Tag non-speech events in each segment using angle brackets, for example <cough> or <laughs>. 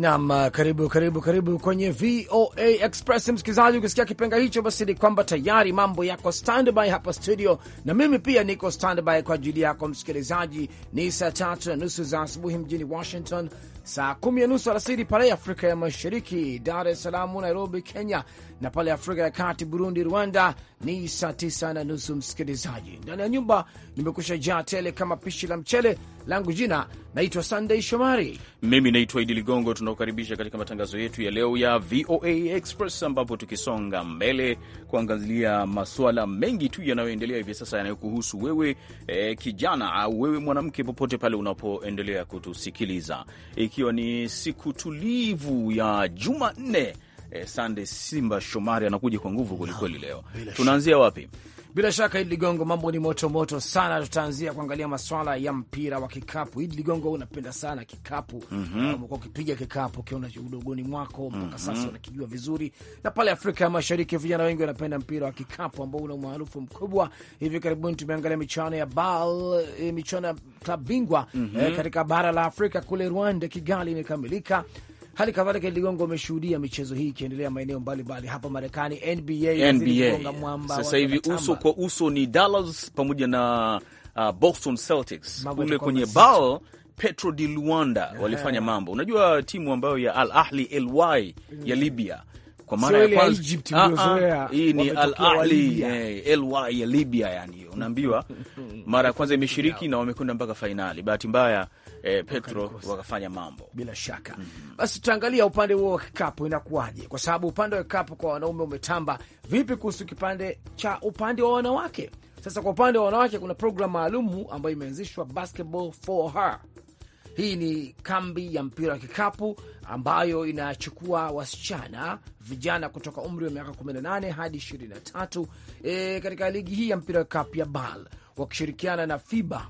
Nam, ah, karibu karibu karibu kwenye VOA Express msikilizaji. Ukisikia kipenga hicho, basi ni kwamba tayari mambo yako standby hapa studio, na mimi pia niko standby kwa ajili yako msikilizaji. Ni saa tatu na nusu za asubuhi mjini Washington, saa kumi na nusu alasiri pale Afrika ya Mashariki, Dar es Salaam, Nairobi, Kenya, na pale Afrika ya Kati, Burundi, Rwanda ni saa tisa na nusu. Msikilizaji, ndani ya nyumba nimekusha jaa tele kama pishi la mchele langu. Jina naitwa Sandey Shomari, mimi naitwa Idi Ligongo tunaokaribisha katika matangazo yetu ya leo ya VOA Express, ambapo tukisonga mbele kuangalia masuala mengi tu yanayoendelea hivi sasa yanayokuhusu wewe e, kijana au wewe mwanamke, popote pale unapoendelea kutusikiliza, ikiwa ni siku tulivu ya Jumanne. E, Sande Simba Shomari anakuja kwa nguvu kwelikweli. Ah, leo tunaanzia wapi? Bila shaka, Idi Ligongo, mambo ni moto moto sana. Tutaanzia kuangalia maswala ya mpira wa kikapu. Idi Ligongo, unapenda sana kikapu, mhm. ah, umekuwa ukipiga kikapu ukiona udogoni mwako mpaka mhm. sasa unakijua vizuri, na pale Afrika ya Mashariki vijana wengi wanapenda mpira wa kikapu ambao una umaarufu mkubwa. Hivi karibuni tumeangalia michuano ya BAL, e, michuano ya klabu bingwa e, mhm. katika bara la Afrika kule Rwanda, Kigali imekamilika. Hali kadhalika Ligongo, umeshuhudia michezo hii ikiendelea maeneo mbalimbali hapa Marekani, NBA, NBA. sasa hivi uso kwa uso ni Dallas pamoja na uh, Boston Celtics kule kwenye bao Petro di Luanda eh. walifanya mambo. Unajua timu ambayo ya Al Ahli Ly ya mm. Libya kwa mara ya kwanza ah, ah, hii ni Al Ahli Ly eh, ya Libya, yani unaambiwa <laughs> mara ya kwanza imeshiriki na wamekwenda mpaka fainali. Bahati mbaya eh, Petro wakafanya mambo bila shaka mm -hmm. Basi tutaangalia upande huo wa kikapu inakuwaje, kwa sababu upande wa kikapu kwa wanaume umetamba vipi. Kuhusu kipande cha upande wa wanawake sasa, kwa upande wa wanawake kuna programu maalum ambayo imeanzishwa Basketball for Her. Hii ni kambi ya mpira wa kikapu ambayo inachukua wasichana vijana kutoka umri wa miaka 18 hadi 23 e, eh, katika ligi hii ya mpira wa kikapu ya BAL wakishirikiana na FIBA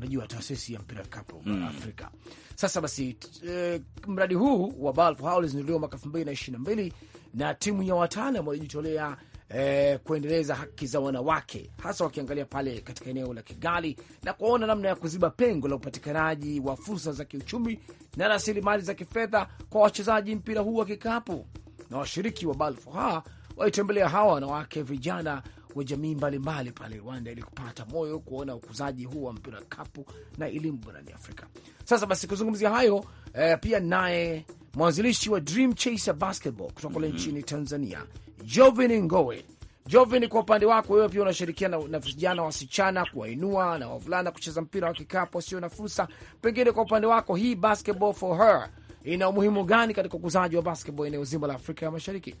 unajua taasisi ya mpira kapu mm. Afrika. Sasa basi e, mradi huu wa Balfour Hall ulizinduliwa mwaka elfu mbili na ishirini na mbili na timu ya wataalam walijitolea e, kuendeleza haki za wanawake hasa wakiangalia pale katika eneo la Kigali na kuona namna ya kuziba pengo la upatikanaji wa fursa za kiuchumi na rasilimali za kifedha kwa wachezaji mpira huu wa kikapu. Na washiriki wa Balfour walitembelea hawa wanawake vijana wa jamii mbalimbali pale Rwanda ili kupata moyo kuona ukuzaji huu wa mpira kapu na elimu barani Afrika. Sasa basi kuzungumzia hayo eh, pia naye mwanzilishi wa Dream Chaser Basketball kutoka kule mm -hmm. nchini Tanzania, Jovin Ngowe. Jovin, kwa upande wako wewe pia unashirikiana na vijana wasichana kuwainua na wavulana kucheza mpira wa kikapu wasio na fursa. Pengine kwa upande wako hii Basketball for Her ina umuhimu gani katika ukuzaji wa basketball eneo zima la Afrika ya Mashariki?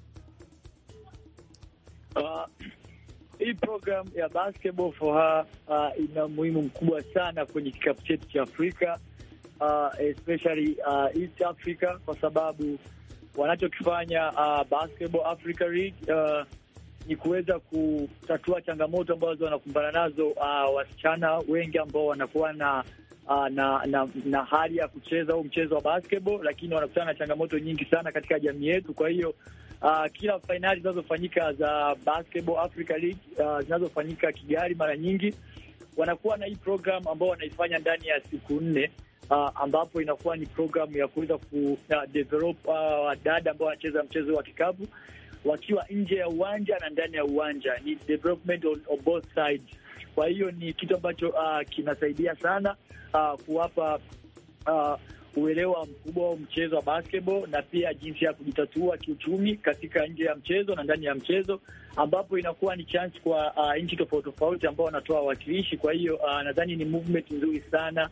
Uh, hii program ya Basketball for Her uh, ina muhimu mkubwa sana kwenye kikapu chetu cha Afrika uh, especially uh, East Africa kwa sababu wanachokifanya uh, Basketball Africa League uh, ni kuweza kutatua changamoto ambazo wanakumbana nazo uh, wasichana wengi ambao wanakuwa na Ah, na, na na hali ya kucheza huu mchezo wa basketball, lakini wanakutana na changamoto nyingi sana katika jamii yetu. Kwa hiyo uh, kila fainali zinazofanyika za basketball Africa League uh, zinazofanyika Kigali, mara nyingi wanakuwa na hii program ambao wanaifanya ndani ya siku nne uh, ambapo inakuwa ni programu ya kuweza ku uh, develop wadada uh, ambao wanacheza mchezo wa kikapu wakiwa nje ya uwanja na ndani ya uwanja, ni development on, on both sides kwa hiyo ni kitu ambacho uh, kinasaidia sana uh, kuwapa uh, uelewa mkubwa wa mchezo wa basketball na pia jinsi ya kujitatua kiuchumi katika nje ya mchezo na ndani ya mchezo, ambapo inakuwa ni chance kwa uh, nchi tofauti tofauti ambao wanatoa wawakilishi. Kwa hiyo uh, nadhani ni movement nzuri sana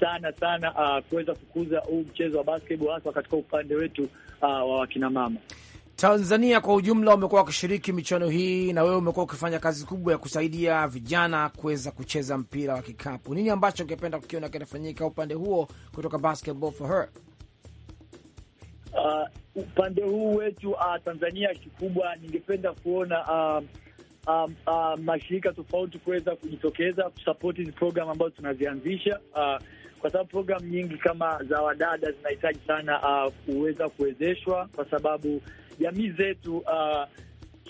sana sana uh, kuweza kukuza huu mchezo wa basketball hasa katika upande wetu uh, wa wakinamama. Tanzania kwa ujumla umekuwa wakishiriki michuano hii na wewe umekuwa ukifanya kazi kubwa ya kusaidia vijana kuweza kucheza mpira wa kikapu. Nini ambacho ungependa kukiona kinafanyika upande huo kutoka Basketball for Her? Uh, upande huu wetu uh, Tanzania, kikubwa ningependa kuona uh, uh, uh, mashirika tofauti kuweza kujitokeza kusapoti hizi ambazo tunazianzisha uh, kwa sababu programu nyingi kama za wadada zinahitaji sana uh, kuweza kuwezeshwa kwa sababu jamii zetu uh,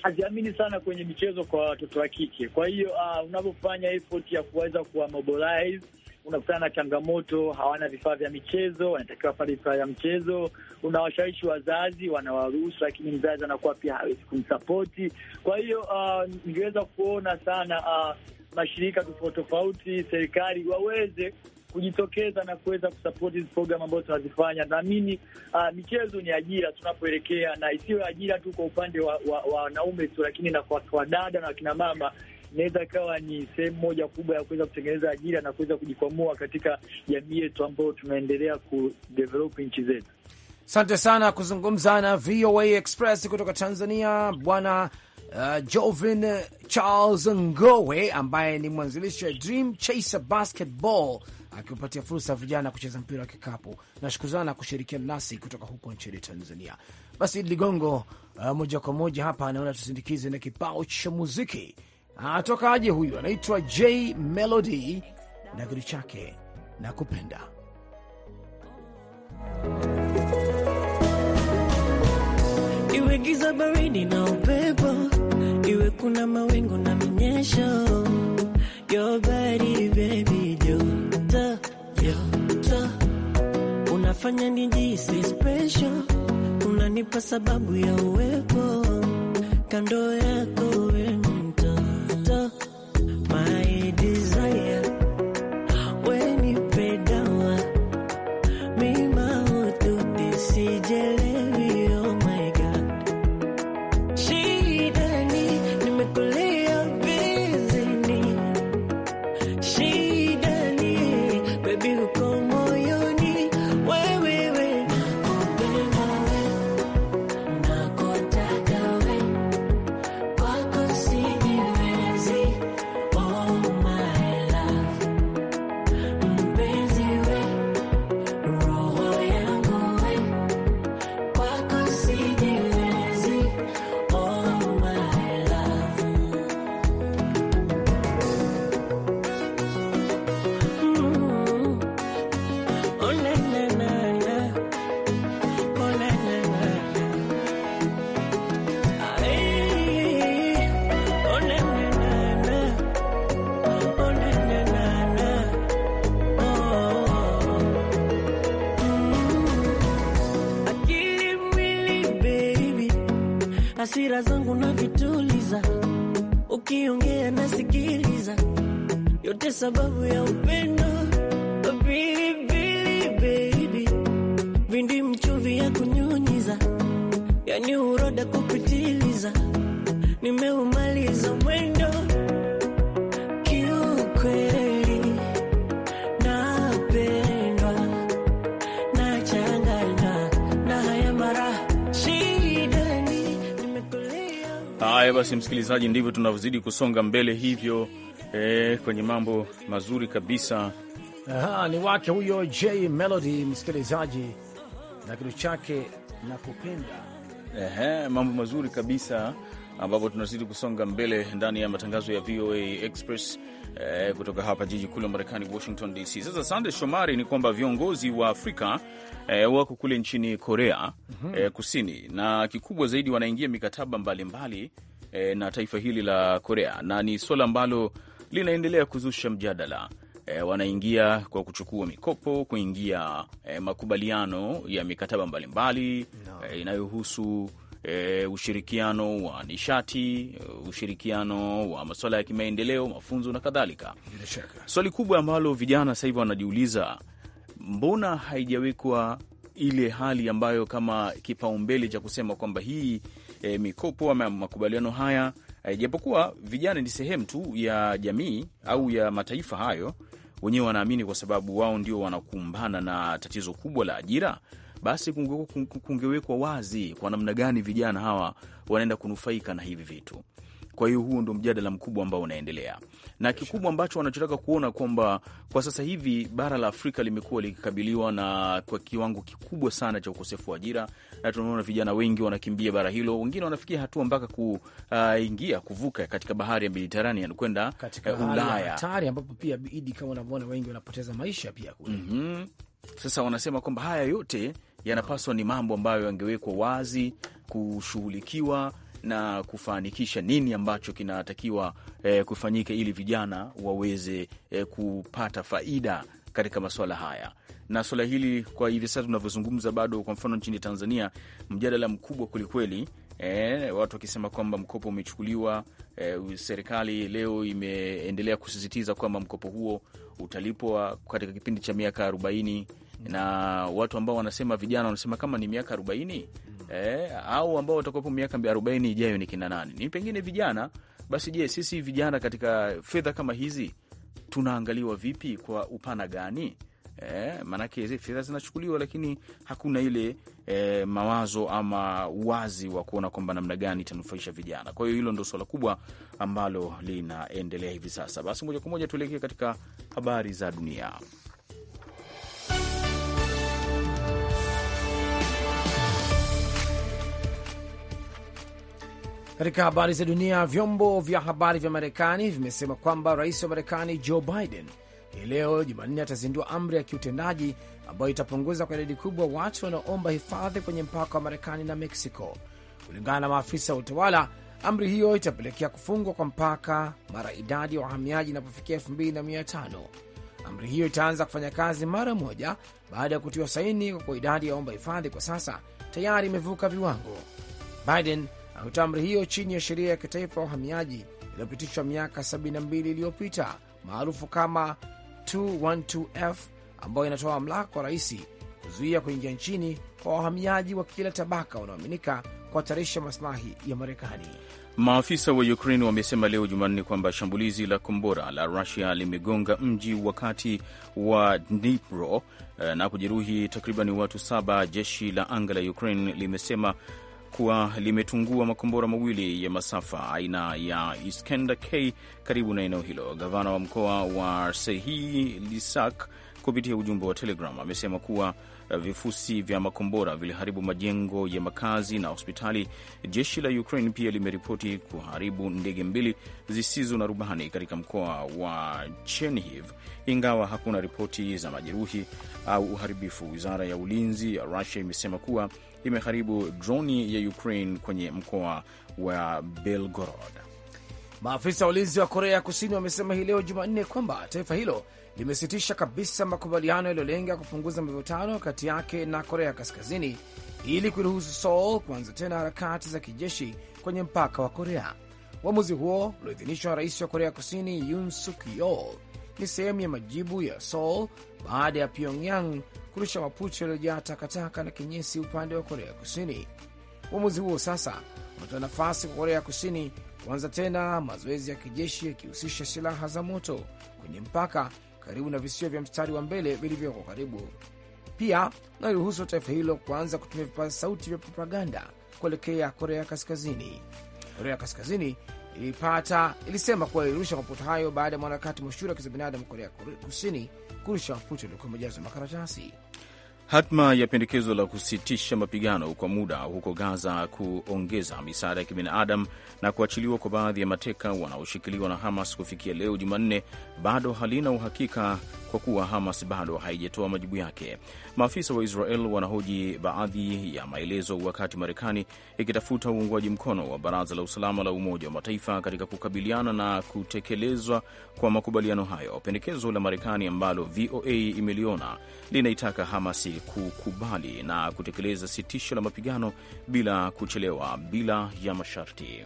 haziamini sana kwenye michezo kwa watoto wa kike. Kwa hiyo uh, unavyofanya effort ya kuweza mobilize unakutana na changamoto, hawana vifaa vya michezo, wanatakiwa pale vifaa vya mchezo. Unawashawishi wazazi, wanawaruhusu, lakini mzazi anakuwa pia hawezi kumsapoti. Kwa hiyo uh, ningeweza kuona sana uh, mashirika tofauti tofauti, serikali waweze kujitokeza na kuweza kusapoti hizi programu ambazo tunazifanya. Naamini uh, ah, michezo ni ajira tunapoelekea, na isiwe ajira tu kwa upande wa wanaume wa tu, lakini na kwa, kwa dada na wakina mama inaweza ikawa ni sehemu moja kubwa ya kuweza kutengeneza ajira na kuweza kujikwamua katika jamii yetu ambayo tunaendelea kudevelop nchi zetu. Asante sana kuzungumza na VOA Express kutoka Tanzania, bwana uh, ah, Jovin Charles Ngowe ambaye ni mwanzilishi wa Dream Chaser Basketball akiwapatia fursa vijana kucheza mpira wa kikapu. Nashukuru sana kushirikiana nasi kutoka huko nchini Tanzania. Basi Ligongo, uh, moja kwa moja hapa anaona tusindikize na kibao cha muziki. Anatoka aje huyu? Anaitwa J Melody na kitu chake na kupenda iwe giza baridi na upepo, iwe kuna mawingu na minyesho, your body baby Yota, yota, unafanya nijisi special, unanipa sababu ya uwepo kando yako fikira zangu navituliza ukiongea nasikiliza, yote sababu ya upendo pilipili vindi mchuvi ya kunyunyiza, yani uroda kupitiliza, nimeumaliza basi msikilizaji, ndivyo tunavyozidi kusonga mbele hivyo eh, kwenye mambo mazuri kabisa. Aha, ni wake huyo J Melody msikilizaji na kitu chake na kupenda. Ehe, mambo mazuri kabisa ambapo tunazidi kusonga mbele ndani ya matangazo ya VOA Express eh, kutoka hapa jiji kuu la Marekani, Washington DC. Sasa Sande Shomari, ni kwamba viongozi wa Afrika eh, wako kule nchini Korea mhm. eh, Kusini, na kikubwa zaidi wanaingia mikataba mbalimbali mbali e, na taifa hili la Korea, na ni suala ambalo linaendelea kuzusha mjadala. E, wanaingia kwa kuchukua mikopo, kuingia e, makubaliano ya mikataba mbalimbali no. e, inayohusu e, ushirikiano wa nishati, ushirikiano wa masuala ya kimaendeleo, mafunzo na kadhalika. Swali kubwa ambalo vijana sasa hivi wanajiuliza, mbona haijawekwa ile hali ambayo kama kipaumbele cha kusema kwamba hii e, mikopo ama makubaliano haya e, japokuwa vijana ni sehemu tu ya jamii au ya mataifa hayo wenyewe wanaamini, kwa sababu wao ndio wanakumbana na tatizo kubwa la ajira, basi kungewekwa wazi kwa namna gani vijana hawa wanaenda kunufaika na hivi vitu. Kwa hiyo huo ndo mjadala mkubwa ambao unaendelea, na kikubwa ambacho wanachotaka kuona kwamba kwa sasa hivi bara la Afrika limekuwa likikabiliwa na kwa kiwango kikubwa sana cha ukosefu wa ajira, na tunaona vijana wengi wanakimbia bara hilo, wengine wanafikia hatua mpaka kuingia uh, kuvuka katika bahari ya Mediterranean kwenda eh, Ulaya, hatari ambapo pia bidi kama unavyoona wengi wanapoteza maisha pia kule. mm -hmm. Sasa wanasema kwamba haya yote yanapaswa ni mambo ambayo yangewekwa wazi kushughulikiwa na kufanikisha nini ambacho kinatakiwa eh, kufanyika ili vijana waweze eh, kupata faida katika masuala haya na suala hili kwa hivi sasa tunavyozungumza, bado kwa mfano nchini Tanzania mjadala mkubwa kwelikweli, e, eh, watu wakisema kwamba mkopo umechukuliwa. E, serikali leo imeendelea kusisitiza kwamba mkopo huo utalipwa katika kipindi cha miaka arobaini na watu ambao wanasema vijana wanasema kama ni miaka arobaini eh, au ambao watakuwepo miaka arobaini ijayo ni kina nani? Ni pengine vijana. Basi je, sisi vijana katika fedha kama hizi tunaangaliwa vipi? Kwa upana gani? Eh, maanake fedha zinachukuliwa lakini hakuna ile eh, mawazo ama uwazi wa kuona kwamba namna gani itanufaisha vijana. Kwa hiyo hilo ndo swala kubwa ambalo linaendelea hivi sasa. Basi moja kwa moja tuelekee katika habari za dunia. Katika habari za dunia, vyombo vya habari vya Marekani vimesema kwamba rais wa Marekani Joe Biden hii leo Jumanne atazindua amri ya kiutendaji ambayo itapunguza kwa idadi kubwa watu wanaoomba hifadhi kwenye mpaka wa Marekani na Meksiko. Kulingana na maafisa wa utawala, amri hiyo itapelekea kufungwa kwa mpaka mara idadi ya wahamiaji inapofikia elfu mbili na mia tano. Amri hiyo itaanza kufanya kazi mara moja baada ya kutiwa saini, kwa idadi ya omba hifadhi kwa sasa tayari imevuka viwango. Biden Alitoa amri hiyo chini ya sheria ya kitaifa ya uhamiaji iliyopitishwa miaka 72 iliyopita maarufu kama 212F ambayo inatoa mamlaka kwa raisi kuzuia kuingia nchini kwa wahamiaji wa kila tabaka wanaoaminika kuhatarisha masilahi ya Marekani. Maafisa wa Ukraine wamesema leo Jumanne kwamba shambulizi la kombora la Rusia limegonga mji wakati wa Dnipro eh, na kujeruhi takriban watu saba. Jeshi la anga la Ukraine limesema kuwa limetungua makombora mawili ya masafa aina ya Iskender K karibu na eneo hilo. Gavana wa mkoa wa Sehi Lisak kupitia ujumbe wa Telegram amesema kuwa eh, vifusi vya makombora viliharibu majengo ya makazi na hospitali. Jeshi la Ukraine pia limeripoti kuharibu ndege mbili zisizo na rubani katika mkoa wa Chernihiv, ingawa hakuna ripoti za majeruhi au uharibifu. Wizara ya ulinzi ya Rusia imesema kuwa imeharibu droni ya Ukraine kwenye mkoa wa Belgorod. Maafisa wa ulinzi wa Korea Kusini wamesema hii leo Jumanne kwamba taifa hilo limesitisha kabisa makubaliano yaliyolenga kupunguza mivutano kati yake na Korea Kaskazini ili kuiruhusu Seoul kuanza tena harakati za kijeshi kwenye mpaka wa Korea. Uamuzi huo ulioidhinishwa na rais wa Korea Kusini Yoon Suk Yeol ni sehemu ya majibu ya Seoul baada ya Pyongyang kurusha mapucho yaliyojaa takataka na kinyesi upande wa Korea Kusini. Uamuzi huo sasa unatoa nafasi kwa Korea Kusini kuanza tena mazoezi ya kijeshi yakihusisha silaha za moto kwenye mpaka karibu na visiwa vya mstari wa mbele vilivyoko karibu. Pia naliruhusu taifa hilo kuanza kutumia vipaza sauti vya propaganda kuelekea Korea Kaskazini. Korea Kaskazini ilipata ilisema kuwa ilirusha mafuta hayo baada ya mwanaharakati mashuhuri wa kibinadamu Korea Kusini kurusha maputo yaliokuwa yamejazwa makaratasi. Hatma ya pendekezo la kusitisha mapigano kwa muda huko Gaza, kuongeza misaada ya kibinadamu na kuachiliwa kwa baadhi ya mateka wanaoshikiliwa na Hamas kufikia leo Jumanne bado halina uhakika kwa kuwa Hamas bado haijatoa majibu yake. Maafisa wa Israel wanahoji baadhi ya maelezo, wakati Marekani ikitafuta uungwaji mkono wa Baraza la Usalama la Umoja wa Mataifa katika kukabiliana na kutekelezwa kwa makubaliano hayo. Pendekezo la Marekani ambalo VOA imeliona linaitaka Hamas kukubali na kutekeleza sitisho la mapigano bila kuchelewa, bila ya masharti.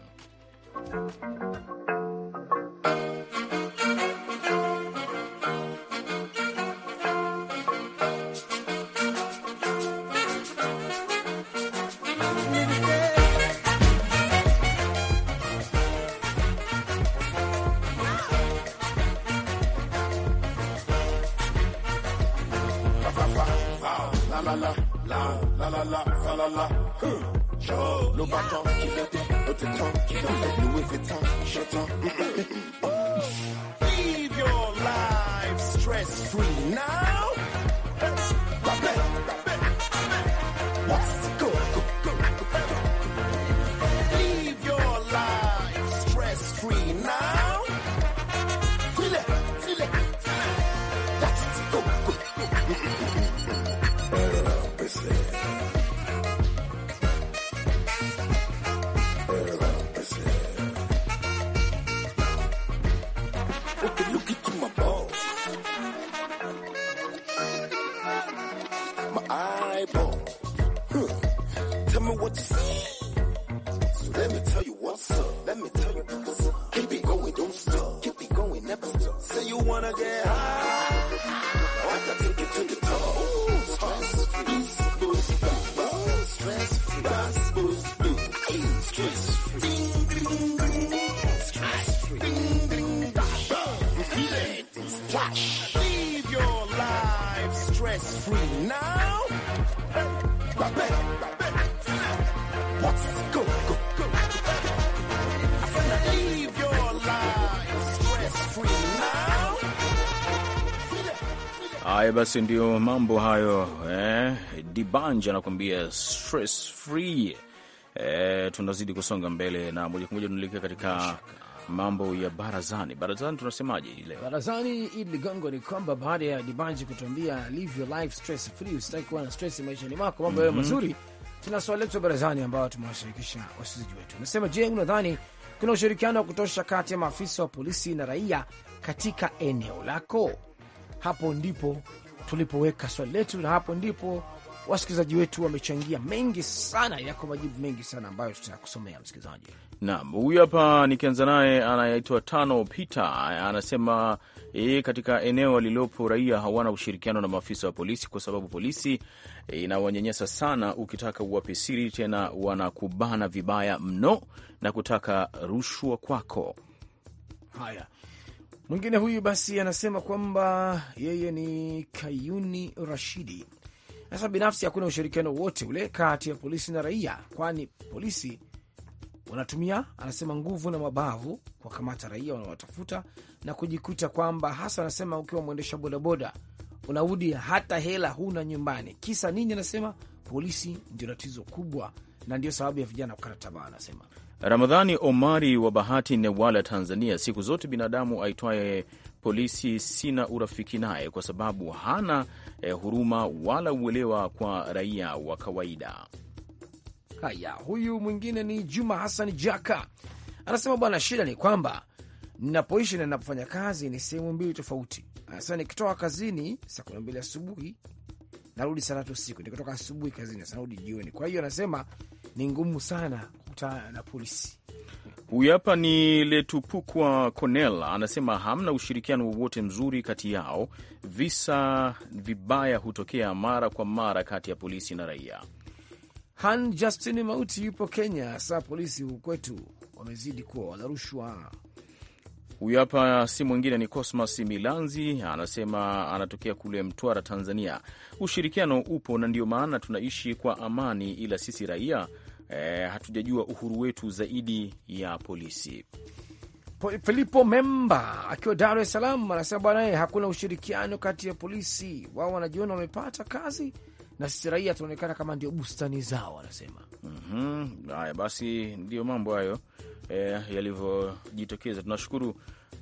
Haya basi, ndio mambo hayo eh. Dibanj anakuambia stress free eh. Tunazidi kusonga mbele na moja kwa moja tunaelekea katika mambo ya barazani. Barazani tunasemaje ile barazani, Idi Ligongo, ni kwamba baada ya Dibanji kutuambia live your life stress free, usitaki kuwa na stress maisha ni mako, mambo mm -hmm. mazuri. Tuna swali letu barazani ambayo tumewashirikisha wasikilizaji wetu. Nasema, je, unadhani kuna ushirikiano wa kutosha kati ya maafisa wa polisi na raia katika eneo lako? Hapo ndipo tulipoweka swali letu, na hapo ndipo wasikilizaji wetu wamechangia mengi sana, yako majibu mengi sana ambayo tutakusomea msikilizaji. Naam, huyu hapa nikianza naye anaitwa Tano Peter, anasema e, katika eneo alilopo raia hawana ushirikiano na maafisa wa polisi kwa sababu polisi inawanyanyasa sana. Ukitaka uwape siri tena wanakubana vibaya mno na kutaka rushwa kwako. Haya, Mwingine huyu basi anasema kwamba yeye ni Kayuni Rashidi. Sasa binafsi hakuna ushirikiano wote ule kati ya polisi na raia, kwani polisi wanatumia anasema nguvu na mabavu kuwakamata raia wanaowatafuta na kujikuta kwamba hasa, anasema ukiwa mwendesha bodaboda unaudi hata hela huna nyumbani. Kisa nini? Anasema polisi ndio tatizo kubwa, na ndio sababu ya vijana kukata tamaa, anasema Ramadhani Omari wa Bahati, Newala, Tanzania. Siku zote binadamu aitwaye polisi sina urafiki naye kwa sababu hana eh, huruma wala uelewa kwa raia wa kawaida. Haya, huyu mwingine ni Juma Hassan Jaka, anasema bwana, shida ni kwamba ninapoishi na ninapofanya kazi ni sehemu mbili tofauti. Anasema nikitoka kazini saa kumi na mbili asubuhi narudi saa tatu usiku, nikitoka asubuhi kazini sanarudi jioni. Kwa hiyo anasema ni ngumu sana kukutana na polisi. Huyu hapa ni Letupukwa Cornel, anasema hamna ushirikiano wowote mzuri kati yao. Visa vibaya hutokea mara kwa mara kati ya polisi na raia. Han Justin Mauti yupo Kenya, saa polisi huku kwetu wamezidi kuwa wala rushwa. Huyu hapa si mwingine ni Cosmas Milanzi, anasema anatokea kule Mtwara, Tanzania. Ushirikiano upo na ndio maana tunaishi kwa amani, ila sisi raia eh, hatujajua uhuru wetu zaidi ya polisi. Filipo Memba akiwa Dar es Salaam anasema bwana eh, hakuna ushirikiano kati ya polisi, wao wanajiona wamepata kazi na sisi raia tunaonekana kama ndio bustani zao, anasema mm -hmm. Basi ndiyo mambo hayo eh, yalivyojitokeza. Tunashukuru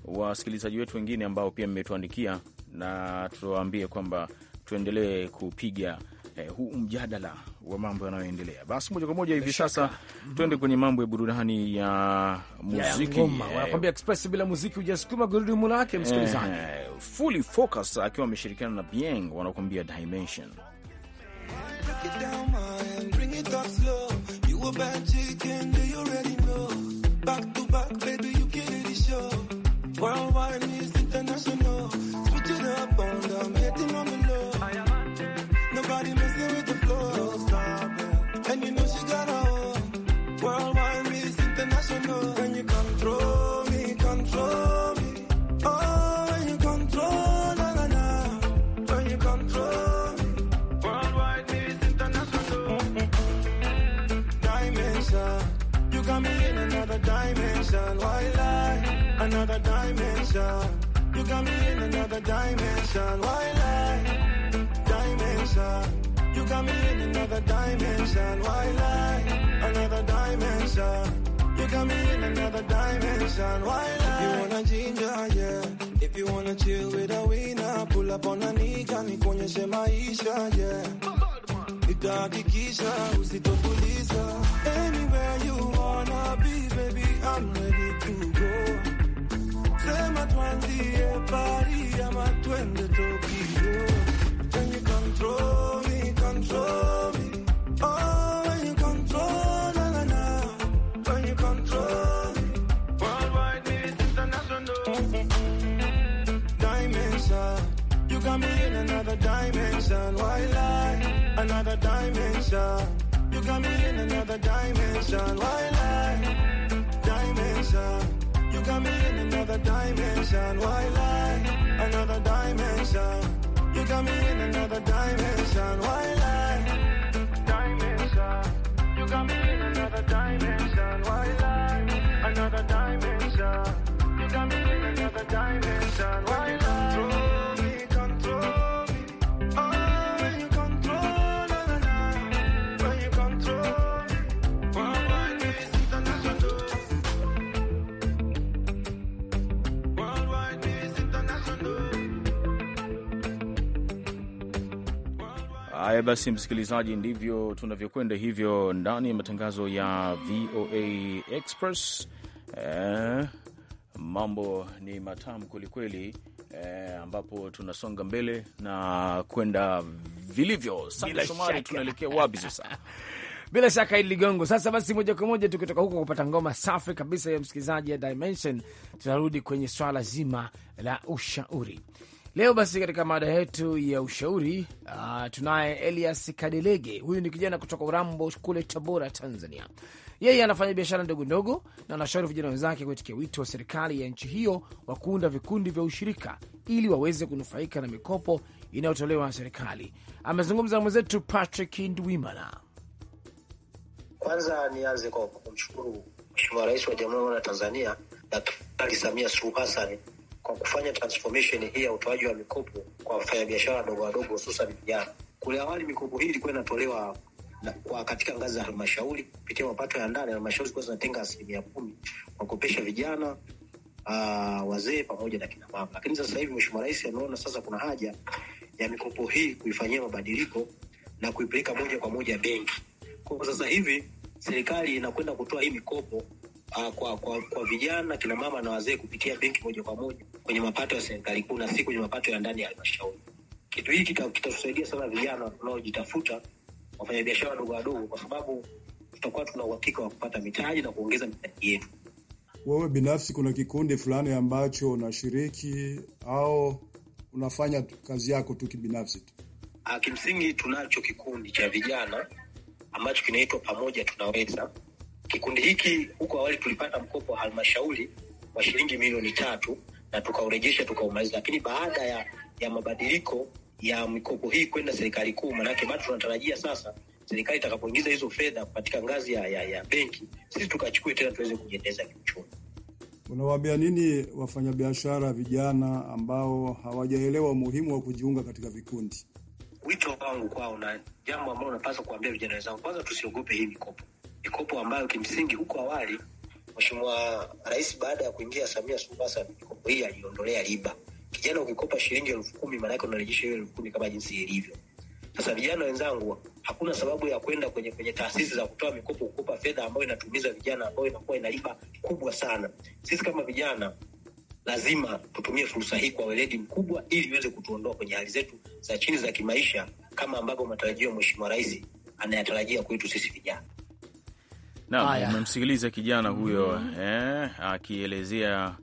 wasikilizaji wetu wengine ambao pia mmetuandikia, na tuwaambie kwamba tuendelee kupiga eh, huu mjadala wa mambo yanayoendelea. Basi moja kwa moja hivi sasa mm mm-hmm. Tuende kwenye mambo ya burudani ya muziki eh, wanakwambia express bila muziki hujasukuma gurudumu lake msikilizaji. Eh, fully focus akiwa ameshirikiana na Bieng wanakuambia dimension dimension. You got me in another dimension. Why lie? Dimension. You got me in another dimension. Why lie? Another dimension. You got me in another dimension. Why lie? If you wanna ginger, yeah. If you wanna chill with a winner, pull up on a nigga, nika, se maisha, yeah nitakuhakikisha usitopuliza. Anywhere you wanna be, baby, I'm ready to sema tuandie pari ama twende Tokyo. Can you control me, control me? Oh, when you control, na na na. When you control me. Worldwide, it's international. Dimension. You got me in another dimension. Why lie? Another dimension. You got me in another dimension. Why lie? Dimension got me in another dimension. Why lie? Another dimension. You got me in another dimension. Why lie? Dimension. You got me in another dimension. Why lie? Another dimension. You got me in another dimension. Haya eh, basi, msikilizaji, ndivyo tunavyokwenda hivyo ndani ya matangazo ya VOA Express. Eh, mambo ni matamu kwelikweli, eh, ambapo tunasonga mbele na kwenda vilivyo. Sande Shomari, tunaelekea wapi sasa? <laughs> Bila shaka Idi Ligongo. Sasa basi, moja kwa moja tukitoka huko kupata ngoma safi kabisa ya msikilizaji ya Dimension, tunarudi kwenye swala zima la ushauri. Leo basi katika mada yetu ya ushauri uh, tunaye Elias Kadelege. Huyu ni kijana kutoka Urambo kule Tabora, Tanzania. Yeye anafanya biashara ndogo ndogo na anashauri vijana wenzake kuitikia wito wa serikali ya nchi hiyo wa kuunda vikundi vya ushirika ili waweze kunufaika na mikopo inayotolewa na serikali. Amezungumza na mwenzetu Patrick Ndwimana. Kwanza nianze kwa kumshukuru Mheshimiwa Rais wa Jamhuri ya Tanzania Daktari Samia Suluhu Hassan kwa kufanya transformation hii ya utoaji wa mikopo kwa wafanyabiashara wadogo wadogo, hususan vijana. Kule awali mikopo hii ilikuwa inatolewa na, kwa katika ngazi za halmashauri kupitia mapato ya ndani, halmashauri zilikuwa zinatenga asilimia kumi kwa wakopesha vijana uh, wazee pamoja na kinamama. Lakini sasa hivi Mheshimiwa Rais ameona sasa kuna haja ya mikopo hii kuifanyia mabadiliko na kuipeleka moja kwa moja benki. Kwa sasa hivi serikali inakwenda kutoa hii mikopo uh, kwa, kwa, kwa vijana kinamama na wazee kupitia benki moja kwa moja kwenye mapato ya serikali kuu na si kwenye mapato ya ndani ya halmashauri. Kitu hiki kitatusaidia sana vijana tunaojitafuta, wafanyabiashara wadogo wadogo, kwa sababu tutakuwa tuna uhakika wa kupata mitaji na kuongeza mitaji yetu. Wewe binafsi, kuna kikundi fulani ambacho unashiriki au unafanya kazi yako tu kibinafsi tu? Ah, kimsingi tunacho kikundi cha vijana ambacho kinaitwa Pamoja Tunaweza. Kikundi hiki huko awali tulipata mkopo wa halmashauri wa shilingi milioni tatu na tukaurejesha tukaumaliza. Lakini baada ya, ya mabadiliko ya mikopo hii kwenda serikali kuu, manake bado tunatarajia sasa serikali itakapoingiza hizo fedha katika ngazi ya, ya, ya benki, sisi tukachukue tena tuweze kujiendeleza kiuchumi. Unawaambia nini wafanyabiashara vijana ambao hawajaelewa umuhimu wa kujiunga katika vikundi? Wito wangu kwao na jambo ambalo unapaswa kuambia vijana wenzangu, kwanza tusiogope hii mikopo, mikopo ambayo kimsingi huko awali Mheshimiwa Rais baada ya kuingia Samia Suluhu Hassan hii aliondolea riba. Kijana ukikopa shilingi elfu kumi maanake unarejesha hiyo elfu kumi kama jinsi ilivyo. Sasa vijana wenzangu, hakuna sababu ya kwenda kwenye kwenye taasisi za kutoa mikopo kukopa fedha ambayo inatumiza vijana, ambayo inakuwa ina riba kubwa sana. Sisi kama vijana lazima tutumie fursa hii kwa weledi mkubwa, ili iweze kutuondoa kwenye hali zetu za chini za kimaisha, kama ambavyo matarajio ya Mheshimiwa Rais anayatarajia kwetu sisi vijana. Naam, umemsikiliza kijana huyo mm -hmm. eh, akielezea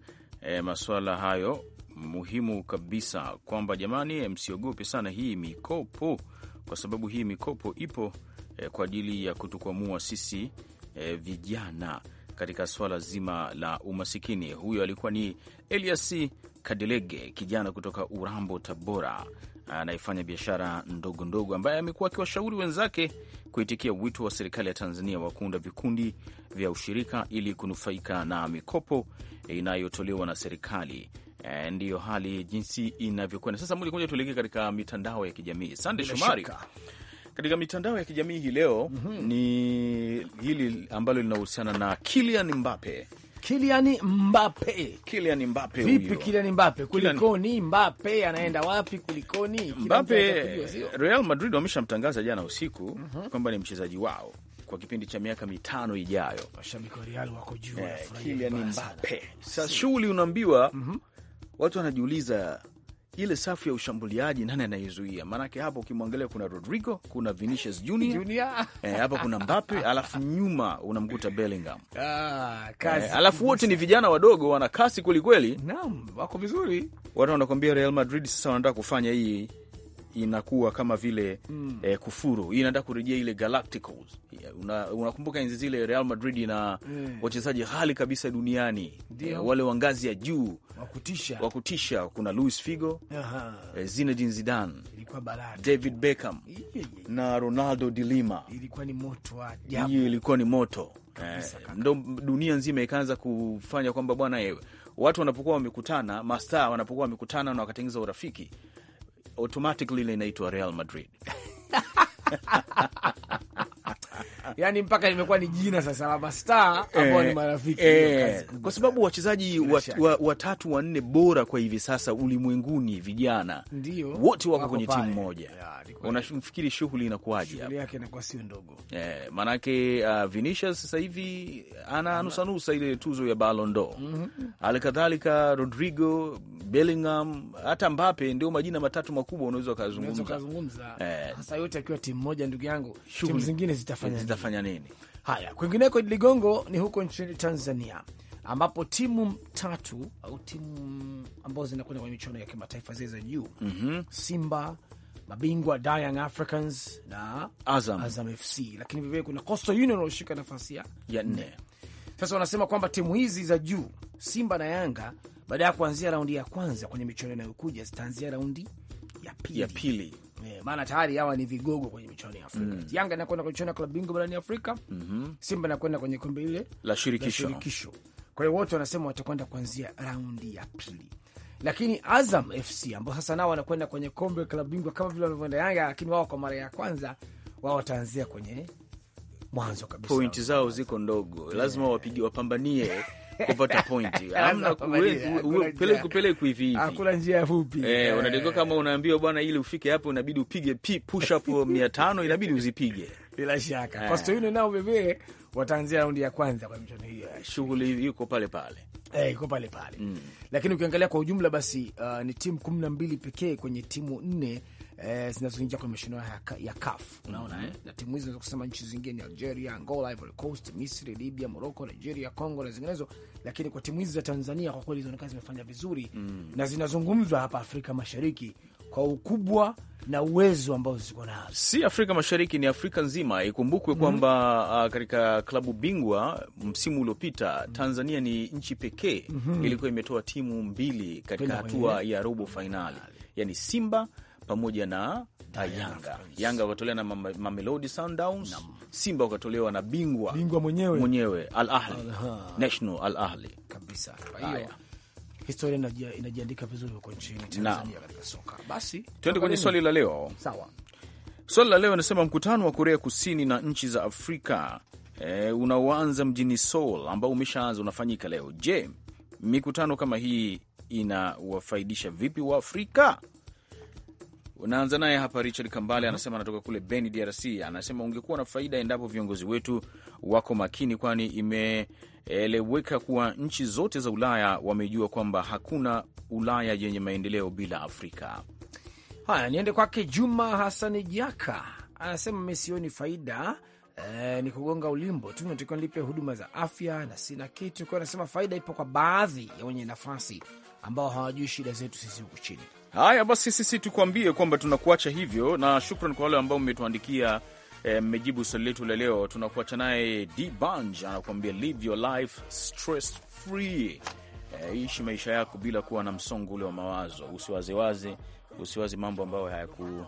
e, masuala hayo muhimu kabisa, kwamba jamani, msiogope sana hii mikopo, kwa sababu hii mikopo ipo e, kwa ajili ya kutukwamua sisi e, vijana katika swala zima la umasikini. Huyo alikuwa ni Elias Kadelege, kijana kutoka Urambo, Tabora anayefanya biashara ndogo ndogo, ambaye amekuwa akiwashauri wenzake kuitikia wito wa serikali ya Tanzania wa kuunda vikundi vya ushirika ili kunufaika na mikopo inayotolewa na serikali. E, ndiyo hali jinsi inavyokwenda sasa. Moja kwa moja tuelekee katika mitandao ya kijamii. Sande Shomari, katika mitandao ya kijamii hii leo mm -hmm. ni hili ambalo linahusiana na Kylian Mbappe Kylian Mbappe. Kylian Mbappe huyo. Vipi Kylian Mbappe? Kulikoni Mbappe anaenda wapi kulikoni? Mbappe Real Madrid wameshamtangaza jana usiku uh mhm. -huh. kwamba ni mchezaji wao kwa kipindi cha miaka mitano ijayo. Mashabiki wa Real wako juu. Eh, Kylian Mbappe. Sasa shughuli unaambiwa uh mhm. -huh. watu wanajiuliza ile safu ya ushambuliaji nani anaizuia? Maanake hapo ukimwangalia kuna Rodrigo, kuna Vinicius Junior, Junior. Eh, hapa kuna Mbappe alafu nyuma unamkuta Bellingham ah, eh, alafu wote ni vijana wadogo, wana kasi kwelikweli. Naam, wako vizuri. Watu wanakwambia Real Madrid sasa wanataka kufanya hii inakuwa kama vile mm. eh, kufuru inaenda kurejea ile Galacticos. Unakumbuka una enzi zile Real Madrid na mm. Eh. wachezaji hali kabisa duniani eh, wale wa ngazi ya juu wa kutisha, kuna Luis Figo eh, Zinedine Zidane, David Beckham iye, iye, na Ronaldo de Lima. Ilikuwa ni moto hiyo, ilikuwa ni moto kabisa, eh, ndo dunia nzima ikaanza kufanya kwamba bwana, eh, watu wanapokuwa wamekutana, mastaa wanapokuwa wamekutana na wakatengeza urafiki automatically ile inaitwa Real Madrid. <laughs> Yani mpaka imekuwa ni jina sasa la mastaa ambao ni eh, marafiki eh, kwa sababu wachezaji watatu wa wanne bora kwa hivi sasa ulimwenguni vijana ndio wote wako kwenye timu moja. Unafikiri shughuli inakuwaje hapo? Yake inakuwa sio ndogo eh, maanake uh, Vinicius sasa hivi ana nusanusa ile tuzo ya Ballon d'Or mm -hmm. Alikadhalika Rodrigo Bellingham, hata Mbappe, ndio majina matatu makubwa unaweza ukazungumza ukazungumza, eh, yote akiwa timu moja. Ndugu yangu, timu zingine zitafanya zitafanya nini? Haya, kwingineko ligongo ni huko nchini Tanzania ambapo timu tatu au timu ambazo zinakwenda kwenye michuano ya kimataifa zile za juu mm -hmm. Simba mabingwa Young Africans na Azam, Azam FC, lakini vivile kuna Coastal Union wanaoshika nafasi ya nne. Sasa wanasema kwamba timu hizi za juu Simba na Yanga baada ya kuanzia raundi ya kwanza kwenye michuano inayokuja zitaanzia raundi ya pili, ya pili. E, maana tayari hawa ni vigogo kwenye michuano ya Afrika mm. Yanga inakwenda kwenye michuano ya klabu bingwa barani Afrika mm -hmm. Simba inakwenda kwenye kombe ile la shirikisho, shirikisho. Kwa hiyo wote wanasema watakwenda kuanzia raundi ya pili, lakini Azam FC ambao sasa nao wanakwenda kwenye kombe klabu bingwa kama vile wanavyoenda Yanga, lakini wao kwa mara ya kwanza wao wataanzia kwenye mwanzo kabisa. Pointi zao ziko ndogo, Yeah. lazima wapige wapambanie <laughs> kupata pointi <laughs> hamna kupeleku hivi hivi, hakuna njia fupi eh. eh. Unatakiwa kama unaambiwa bwana, ili ufike hapo inabidi upige push up 500 <laughs> inabidi uzipige bila shaka. kwa sababu yule nao bebe wataanzia raundi ya kwanza kwa michuano hiyo, eh, shughuli yuko pale pale eh, yuko pale pale mm. Lakini ukiangalia kwa ujumla basi, uh, ni timu 12 pekee kwenye timu nne Eh, zinazoingia kwenye mashindano ya, ya CAF unaona, mm -hmm. eh? na timu hizi kusema nchi zingine ni Algeria, Angola, Ivory Coast, Misri, Libya, Morocco, Nigeria, Congo na zinginezo, lakini kwa timu hizi za Tanzania kwa kweli zinaonekana zimefanya vizuri mm -hmm. na zinazungumzwa hapa Afrika Mashariki kwa ukubwa na uwezo ambao ziko nazo, si Afrika Mashariki, ni Afrika nzima. Ikumbukwe mhm. kwamba mm -hmm. katika klabu bingwa msimu uliopita mhm. Tanzania ni nchi pekee mm -hmm. ilikuwa imetoa timu mbili katika hatua ya robo fainali, yani Simba pamoja na Yanga. Yanga wakatolewa na Mamelodi Sundowns, Simba wakatolewa na bingwa bingwa mwenyewe mwenyewe Al Ahli, National Al Ahli kabisa. Kwa hiyo historia inajiandika vizuri huko nchini Tanzania katika soka. Basi tuende kwenye swali la leo. Sawa, swali la leo inasema mkutano wa Korea Kusini na nchi za Afrika e, unaoanza mjini Seoul ambao umeshaanza unafanyika leo. Je, mikutano kama hii inawafaidisha vipi wa Afrika? Unaanza naye hapa Richard Kambale anasema anatoka kule Beni, DRC. Anasema ungekuwa na faida endapo viongozi wetu wako makini, kwani imeeleweka kuwa nchi zote za Ulaya wamejua kwamba hakuna Ulaya yenye maendeleo bila Afrika. Haya, niende kwake Juma Hasani Jaka anasema mi sioni faida e, ni kugonga ulimbo tu, natakiwa nilipe huduma za afya na sina kitu. Kwa anasema faida ipo kwa baadhi ya wenye nafasi ambao hawajui shida zetu sisi huku chini. Haya basi, sisi tukuambie kwamba tunakuacha hivyo, na shukran kwa wale ambao mmetuandikia eh, mmejibu eh, swali letu la leo. Tunakuacha naye D Banj anakuambia live your life stress free, eh, ishi maisha yako bila kuwa na msongo ule wa mawazo. usiwaziwazi usiwazi mambo ambayo hayaku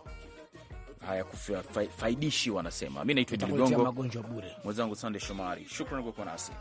hayakufaidishi wanasema. Mi naitwa Idi Ligongo, mwenzangu Sande Shomari, shukran kwa kuwa nasi.